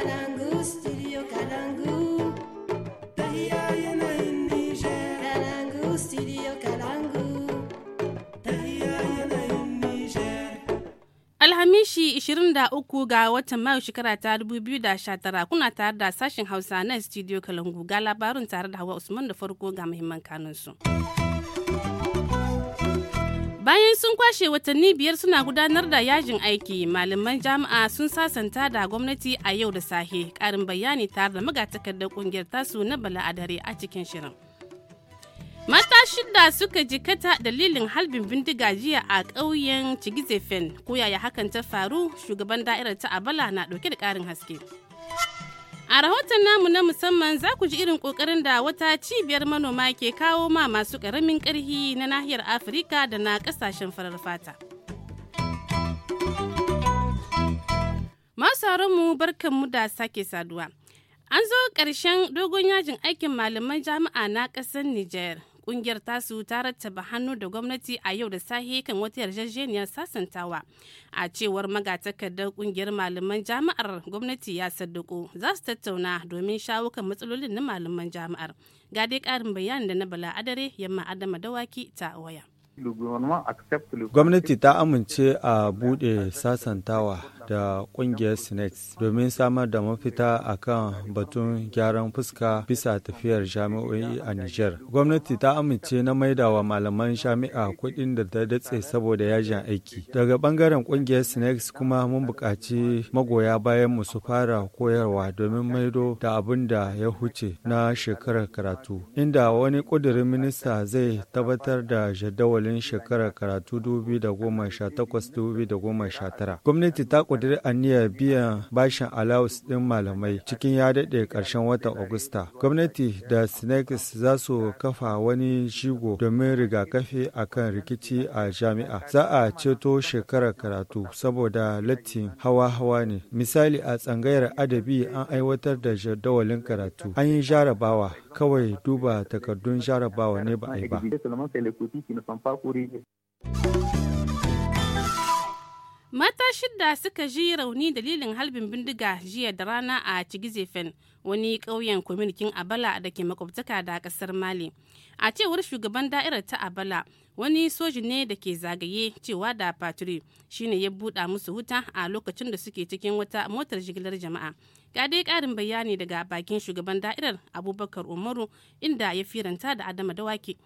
Kalangu, studio Kalangu. Kalangu, studio Kalangu. Alhamishi 23 ga watan Mayu shekara ta 2019 kuna tare da sashen Hausa na studio Kalangu ga labarin tare da Hawa Usman da farko ga muhimman kanunsu. su. bayan sun kwashe watanni biyar suna gudanar da yajin aiki malaman jami'a sun sasanta da gwamnati a yau da sahe karin bayani tare da magatakardar kungiyar tasu na bala a dare a cikin shirin mata shida suka jikata dalilin halbin bindiga jiya a ƙauyen cigizefen ko yaya hakan ta faru shugaban da'irar ta abala na ɗauke da ƙarin haske A rahoton namu na musamman za ku ji irin ƙoƙarin da wata cibiyar manoma ke kawo ma masu ƙaramin ƙarhi na nahiyar Afirka da na ƙasashen farar fata. Masu mu barkanmu da sake saduwa. An zo ƙarshen dogon yajin aikin malaman jami'a na ƙasar Nijar. kungiyar tasu ta rattaba hannu da gwamnati a yau da sahe kan wata yarjejeniyar sasantawa a cewar magatakardar kungiyar malaman jama'ar gwamnati ya saddako za su tattauna domin shawo kan matsalolin na malaman jama'ar ga dai karin bayanin da na bala adare yamma adama dawaki ta waya gwamnati ta amince a bude sasantawa da kungiyar sinex domin samar da mafita a kan batun gyaran fuska bisa tafiyar jami'o'i a niger gwamnati ta amince na maida wa malaman jami'a kuɗin da ta datse saboda yajin aiki daga bangaren kungiyar sinex kuma mun buƙaci magoya bayan mu su fara koyarwa domin maido da abin da ya huce na shekarar karatu inda wani ƙudurin minista zai tabbatar da jadawalin shekarar karatu 2018-2019 gwamnati ta ƙudiri aniyar biyan bashin alawus din malamai cikin ya daɗe karshen watan Agusta. Gwamnati da Sinex za su kafa wani shigo domin rigakafi a kan rikici a jami'a. Za a ceto shekarar karatu saboda latin hawa-hawa ne. Misali a tsangayar adabi an aiwatar da jadawalin karatu. An yi jarabawa kawai duba takardun jarabawa ne ba a yi ba. mata shidda suka ji rauni dalilin halbin bindiga jiya da rana a cigizefen wani ƙauyen kwamitin abala da ke makwabtaka da ƙasar mali a cewar shugaban da'irar ta abala wani soji ne da ke zagaye cewa da patri shine ya buɗa musu wuta a lokacin da suke cikin wata motar jigilar jama'a ga dai ƙarin bayani daga bakin shugaban da'irar abubakar umaru inda ya firanta da adama dawaki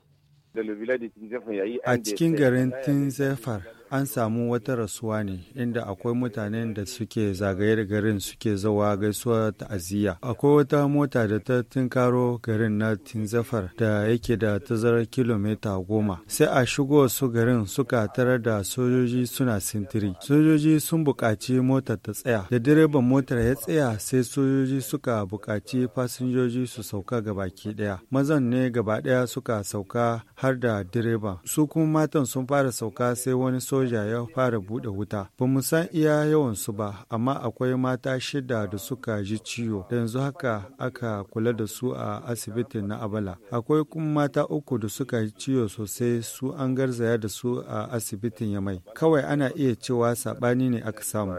a cikin garin tinzefar an samu wata rasuwa ne inda akwai mutanen da suke zagaye da garin suke zawa gaisuwa ta'aziyya akwai wata mota da ta tinkaro garin na tinzafar da yake da tazarar kilomita goma sai a shigo su garin suka tarar da sojoji suna sintiri sojoji sun buƙaci mota ta tsaya da direban motar ya tsaya sai sojoji suka buƙaci fasinjoji su sauka gabaki ɗaya mazan ne gaba ɗaya suka sauka har da direban. su kuma matan sun fara sauka sai wani sojoji soja ya fara buɗe wuta. Ba mu san iya yawan su ba, amma akwai mata shida da suka ji ciwo. Da yanzu haka aka kula da su a asibitin na Abala. Akwai kuma mata uku da suka ji ciwo sosai su an garzaya da su a asibitin Yamai. Kawai ana iya cewa sabani ne aka samu.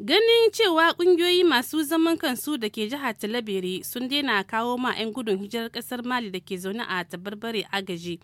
Ganin cewa kungiyoyi masu zaman kansu da ke jihar Talabere sun daina kawo ma 'yan gudun hijirar kasar Mali da ke zaune a tabarbare agaji.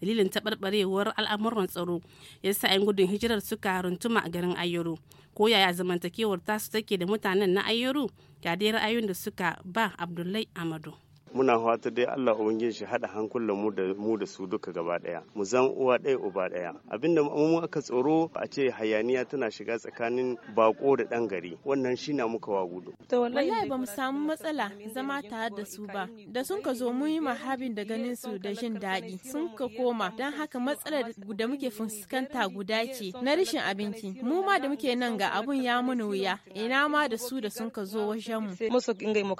dalilin taɓarɓarewar al'amuran tsaro ya sa 'yan gudun hijirar suka runtuma a garin Ayoro. ko yaya zamantakewar tasu take da mutanen na Ayoro? Ya dai ra'ayoyin da suka ba abdullahi amadu muna fata dai Allah ubangiji shi hada hankulan mu da mu da su duka gaba daya mu zan uwa ɗaya uba ɗaya abinda mu aka tsoro a ce hayaniya tana shiga tsakanin bako da dan gari wannan shi na muka wa gudu to wallahi ba mu samu matsala zama tare da su ba da sun ka zo mu yi mahabin da ganin su da jin daɗi sun ka koma dan haka matsalar da muke fuskanta guda ce na rashin abinci mu ma da muke nan ga abun ya mana wuya ina ma da su da sun ka zo wajen mu musu ingai mu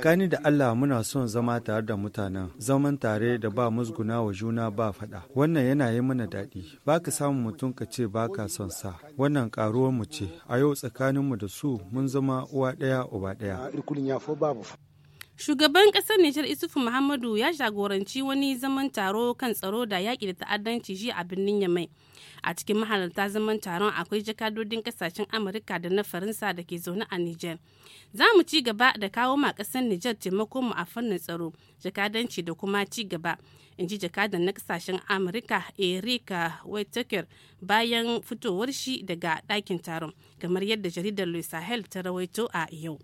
kan gani da Allah muna son zama tare da mutanen, zaman tare da ba musguna wa juna ba faɗa. Wannan yana yi mana daɗi. Ba ka samun mutum ka ce ba ka son sa. Wannan karuwar mu ce. A yau tsakaninmu da su mun zama uwa ɗaya uba ɗaya. Shugaban ƙasar Nijar Isufu Muhammadu ya jagoranci wani zaman taro kan tsaro da yaƙi da ta'addanci shi a birnin Yamai. A cikin mahalarta zaman taron akwai jakadodin ƙasashen Amurka da na Faransa da ke zaune a Nijar. Za mu ci gaba da kawo ma ƙasar Nijar taimako mu a fannin tsaro, jakadanci da kuma ci gaba. In ji jakadan na ƙasashen Amurka Erika Whittaker bayan fitowar shi daga ɗakin taron, kamar yadda jaridar Louis Sahel ta rawaito a yau.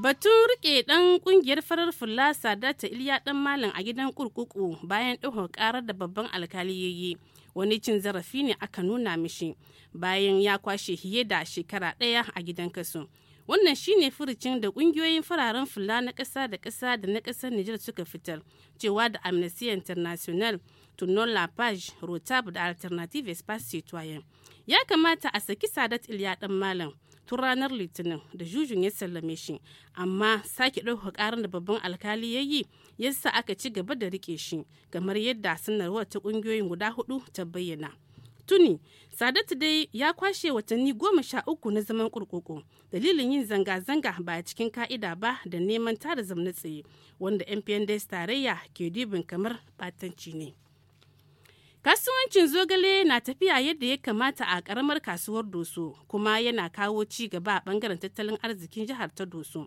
Batun rike dan kungiyar farar fulla Sadata Iliya dan Malam a gidan kurkuku bayan ɗaukar karar da babban alkali yayi wani cin zarafi ne aka nuna mishi bayan ya kwashe hiye da shekara ɗaya a gidan kaso. Wannan shine furucin da kungiyoyin fararen fulla na ƙasa da ƙasa da na ƙasar Nijar suka fitar cewa da Amnesty International, Tournon La Page, Rotab da Alternative Espace Citoyen. Ya kamata a saki Sadat Iliya dan Malam. tun ranar litinin da jujun ya sallame shi amma sake ɗauka ƙarin da babban alkali ya yi yasa aka ci gaba da rike shi kamar yadda sanarwar ta ƙungiyoyin guda hudu ta bayyana tuni sadatu dai ya kwashe watanni goma sha uku na zaman kurkuku dalilin yin zanga-zanga ba a cikin ka'ida ba da neman tara zamna tsaye wanda 'yan tarayya ke dubin kamar batanci ne. Kasuwancin zogale na tafiya yadda ya kamata a karamar kasuwar Doso kuma yana kawo ci gaba a bangaren tattalin arzikin jihar ta Doso.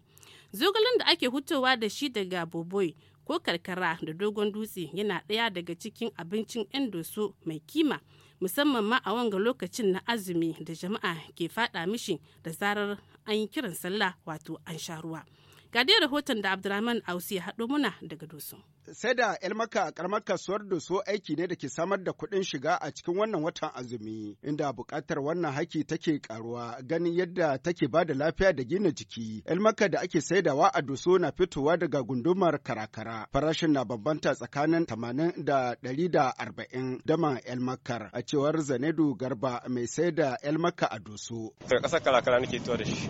Zogalen da ake hutowa da shi daga Boboi ko karkara da dogon dutse yana ɗaya daga cikin abincin 'yan Doso mai kima musamman ma a wanga lokacin na azumi da jama'a ke fada mishi da zarar an yi kiran sallah wato an sha ruwa. Ga dai rahoton da Abdulrahman Ausi ya haɗo muna daga Doso. Sai da Elmaka a karamar kasuwar Doso aiki ne da ke samar da kuɗin shiga a cikin wannan watan azumi, inda buƙatar wannan haki take karuwa ganin yadda take ba da lafiya da gina jiki. Elmaka da ake saidawa a Doso na fitowa daga gundumar karakara. Farashin na bambanta tsakanin tamanin da ɗari da arba'in dama Elmakar a cewar Zanedu Garba mai sai da a Doso. Daga da shi.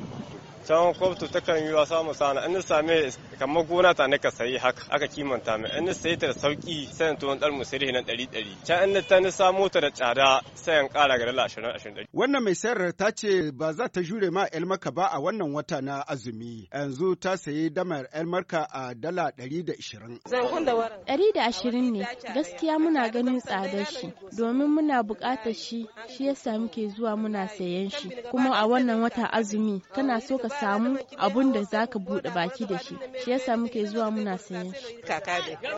can ta kan yi wasa musana in same kamar gona ta ka sayi haka aka kimanta mai in sayi ta da sauki sai in tuwon ɗan musiri na ɗari ɗari can in ta ni samo ta da tsada sai in ƙara ga dala ashirin ashirin ɗari. wannan mai sayar ta ce ba za ta jure ma elmarka ba a wannan wata na azumi yanzu ta sayi damar elmarka a dala ɗari da ashirin. ɗari da ashirin ne gaskiya muna ganin tsadar shi domin muna buƙatar shi shi yasa muke zuwa muna sayen shi kuma a wannan wata azumi kana so ka samu abun da za ka buɗe baki da shi shi ya samu muke zuwa muna sayan shi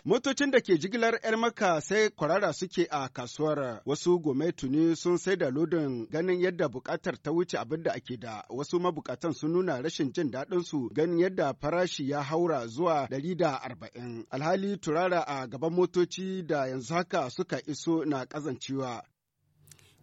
motocin da ke jigilar yar maka sai kwarara suke a kasuwar wasu gome tuni sun sai da lodin ganin yadda bukatar ta wuce abin da ake da wasu mabukatan sun nuna rashin jin daɗin su ganin yadda farashi ya haura zuwa ɗari da arba'in alhali turara a gaban motoci da yanzu haka suka iso na kazancewa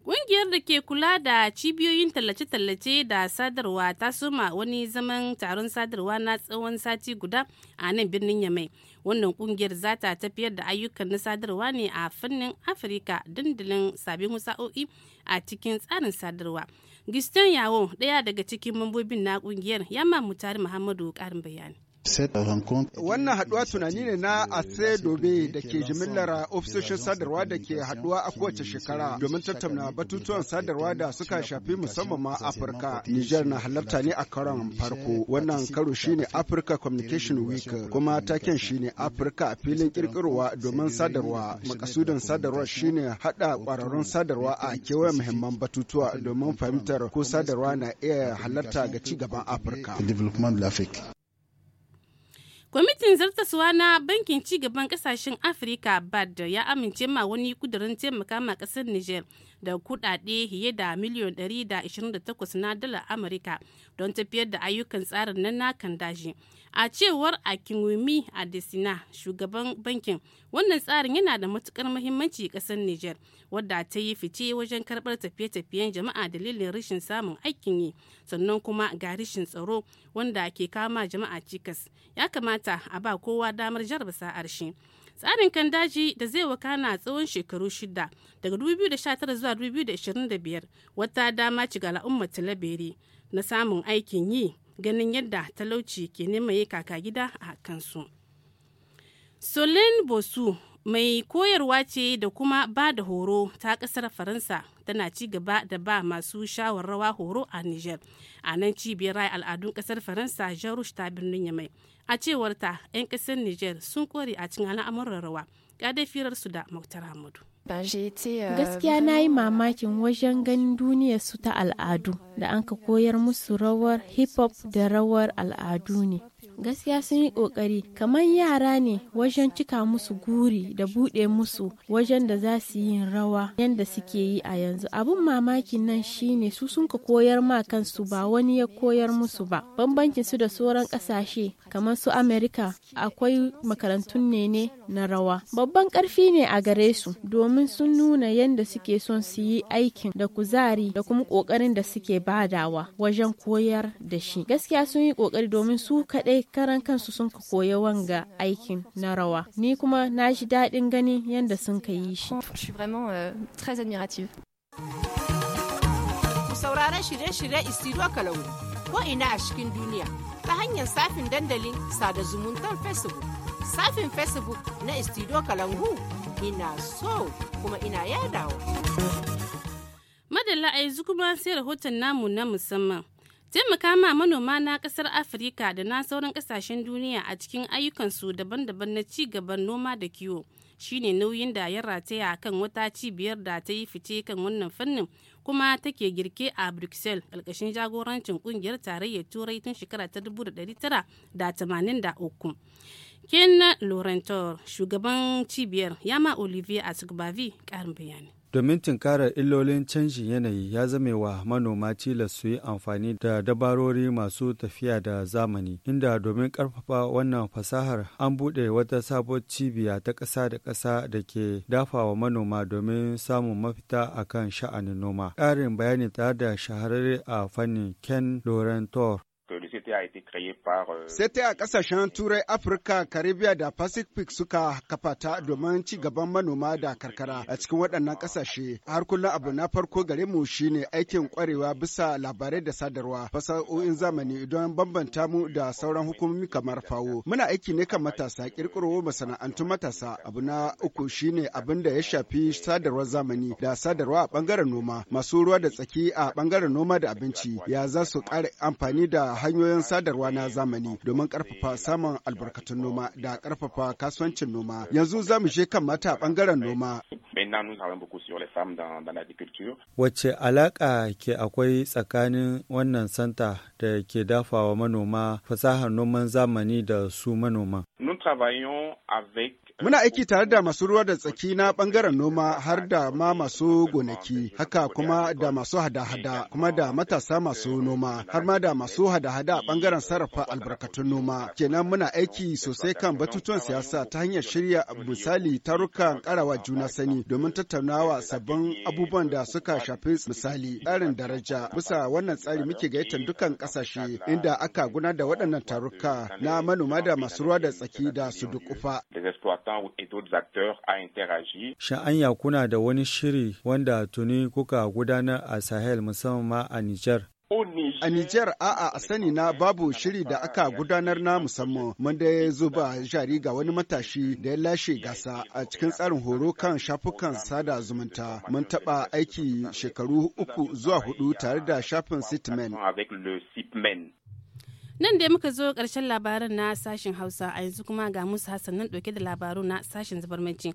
Ƙungiyar da ke kula da cibiyoyin tallace-tallace da sadarwa ta soma wani zaman taron sadarwa na tsawon sati guda a nan birnin Yamai. Wannan ƙungiyar za ta tafiyar da ayyukan na sadarwa ne a fannin Afirka dandalin sabbin sa'o'i a cikin tsarin sadarwa. Gistan Yawo, ɗaya daga cikin mambobin na ƙungiyar, ya mamu Muhammadu ƙarin bayani. Wannan haɗuwa tunani ne na Ase Dobe da ke jimillar ofisoshin sadarwa da ke haɗuwa a kowace shekara domin tattauna batutuwan sadarwa da suka shafi musamman ma Afirka. Nijar na halarta ne a karon farko. Wannan karo shine Africa Communication Week kuma taken shine Afirka a filin kirkirowa domin sadarwa. Makasudin sadarwa shine haɗa ƙwararrun sadarwa a kewayen muhimman batutuwa domin fahimtar ko sadarwa na iya halarta ga ci gaban Afirka. let me kwamitin zartaswa na bankin cigaban kasashen afirka bad ya amince ma wani kudurin taimaka ma kasar niger da kudade fiye da miliyon 128 na dala amurka don tafiyar da ayyukan tsarin nan na kan daji a cewar akinwumi adesina shugaban bankin wannan tsarin yana da matukar muhimmanci kasar niger wadda ta yi fice wajen karbar tafiye-tafiyen jama'a dalilin rashin samun aikin yi sannan kuma ga rashin tsaro wanda ke kama jama'a cikas ya kamata a ba kowa damar jarba sa'ar shi tsarin kan daji da zai wakana tsawon shekaru shida daga 2019 zuwa 2025 wata dama ci ga al'ummar talabere na samun aikin yi ganin yadda talauci ke yi kaka gida a kansu solen bosu mai koyarwa ce da kuma ba da horo ta kasar faransa tana ci gaba da ba masu shawarrawa horo a niger a nan cibiyar rai al'adun kasar faransa jarush ta birnin yamai a cewarta 'yan kasar niger sun kore a cikin al'amuran rawa firar su da muktar hamadu uh, gaskiya na yi mamakin wajen ganin duniya su ta al'adu da an ka koyar musu rawar hip hop da rawar al'adu ne gaskiya sun yi ƙoƙari kamar yara ne wajen cika musu guri da buɗe musu wajen da za su yi rawa yadda suke yi a yanzu abun mamakin nan shine su sun ka koyar ma kansu ba wani ya koyar musu ba bambancin su da sauran ƙasashe kamar su amerika akwai makarantun ne ne na rawa babban ƙarfi ne a gare su domin sun nuna yadda suke son su yi aikin da kuzari da kuma ƙoƙarin da suke badawa wajen koyar da shi gaskiya sun yi ƙoƙari domin su kaɗai ɗalibai karan kansu sun ka koya wanga aikin na rawa ni kuma na ji daɗin gani yadda sun ka yi shi euh, sauraron shirye-shirye istiro kalau ko ina a cikin duniya ta hanyar safin dandalin sada zumuntar facebook safin facebook na istiro kalangu ina so kuma ina yadawa madalla a yanzu kuma sai rahoton namu na musamman zai ma manoma na kasar afirka da na sauran kasashen duniya a cikin ayyukansu daban-daban na ci gaban noma da kiwo shine nauyin da ya rataya kan wata cibiyar da ta yi fice kan wannan fannin kuma take girke a bruxelles ƙarƙashin jagorancin ƙungiyar tarayyar turai tun shekara ta da 1983 ken laurentor shugaban cibiyar yama olivier asugbavi ƙarin bayani Domin tunkarar illolin canjin yanayi ya zame wa manoma tilas su yi amfani da dabarori masu tafiya da zamani, inda domin ƙarfafa wannan fasahar an buɗe wata sabuwar cibiya ta ƙasa da ƙasa da ke dafawa manoma domin samun mafita a kan sha'anin noma. Ƙarin bayani tare da shahararre a fannin Ken Lorentor. Euh, Sai a ƙasashen Turai, Afirka, Karibiya, da Pacific suka kafa ta domin ci gaban manoma da karkara a cikin waɗannan kasashe Har kullum abu na farko gare mu shine aikin kwarewa bisa labarai da sadarwa, Fasa'o'in zamani don bambanta mu da sauran hukumomi kamar fawo. Muna aiki ne kan matasa, ƙirƙiro masana'antun matasa. Abu na uku shine abin da ya shafi sadarwar zamani da sadarwa a bangaren noma, masu ruwa da tsaki a bangaren noma da abinci. Ya za su ƙara amfani da hanyoyin sadarwa sadarwa na zamani domin karfafa samun albarkatun noma da karfafa kasuwancin noma. Yanzu za mu je kan mata bangaren noma. Wace alaƙa ke akwai tsakanin wannan santa da ke dafawa manoma fasahar noman zamani da su manoma Euh, muna aiki tare da masu ruwa da tsaki na ɓangaren noma har da ma masu gonaki, haka kuma da masu hada-hada, kuma da matasa masu noma, har ma da masu hada-hada a ɓangaren sarrafa albarkatun noma. Kenan muna aiki sosai kan batutuwan siyasa ta hanyar shirya misali tarukan karawa juna sani domin tattaunawa sabbin abubuwan da suka shafi misali tsarin daraja. Bisa wannan tsari muke gayyatar dukkan ƙasashe inda aka guna da waɗannan taruka na manoma da masu ruwa da tsaki da su dukufa. Sha'anya kuna da wani shiri wanda tuni kuka gudanar a Sahel musamman a Nijar. Oh, a Nijar a'a a sani na babu shiri da aka gudanar na musamman mun da zuba jari ga wani matashi da ya lashe gasa a cikin tsarin horo kan shafukan sada zumunta. Mun taɓa aiki shekaru uku zuwa hudu tare da shafin Sitmen. Nan da muka zo karshen labaran na sashen Hausa a yanzu kuma ga Musa Hassan nan ɗauke da labaru na sashen mace.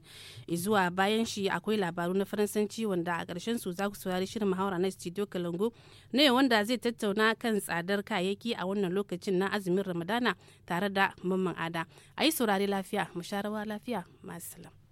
Zuwa bayan shi akwai labaru na Faransanci wanda a ƙarshen su za ku saurari shirin muhawara na Studio Kalango ne wanda zai tattauna kan tsadar kayayyaki a wannan lokacin na azumin Ramadana tare da mamman ada. A yi saurari lafiya, mu rawa lafiya, masu salam.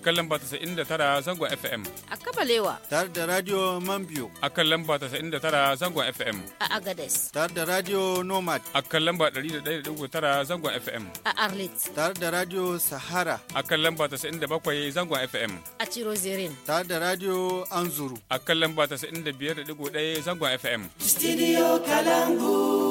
kan lamba 99 zangon FM. A Kabalewa. Tare da Radio mambio. A kan lamba 99 zangon FM. A Agades. Tare da Radio Nomad. A kan lamba tara zangon FM. A Arlit. Tare da Radio Sahara. A kan lamba 97 zangon FM. A Chirozirin. Tare da Radio Anzuru. A kan lamba 95.1 zangon FM. Studio Kalangu.